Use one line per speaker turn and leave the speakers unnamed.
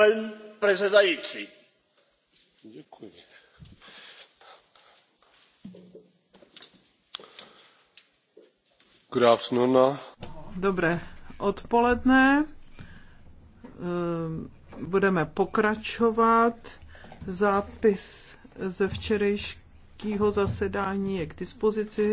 pane předsedající dobré
odpoledne ehm, budeme pokračovat zápis ze včerejšího zasedání
je k dispozici.